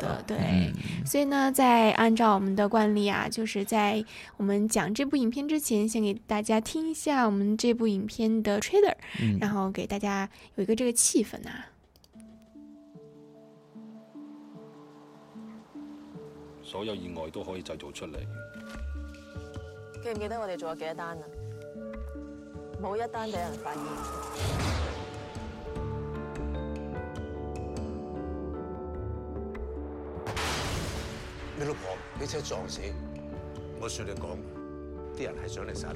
的對，嗯、所以呢，在按照我們的慣例啊，就是在我們講這部影片之前，先給大家聽一下我們這部影片的 trailer，嗯、然後給大家有一個這個氣氛啊。所有意外都可以製造出嚟。記唔記得我哋做咗幾多單啊？冇一單俾人發現。俾車撞死，我算你講，啲人係想你殺，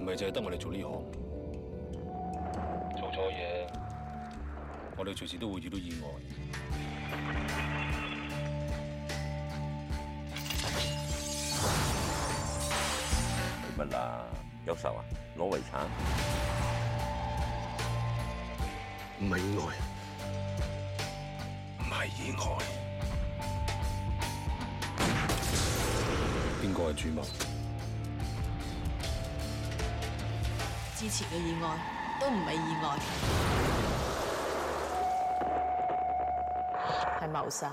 唔係淨係得我哋做呢行，做錯嘢，我哋隨時都會遇到意外。係咪啦？有手啊？攞遺產？唔係意外。意外，意外，邊個係主謀？之前嘅意外都唔係意外，係謀殺。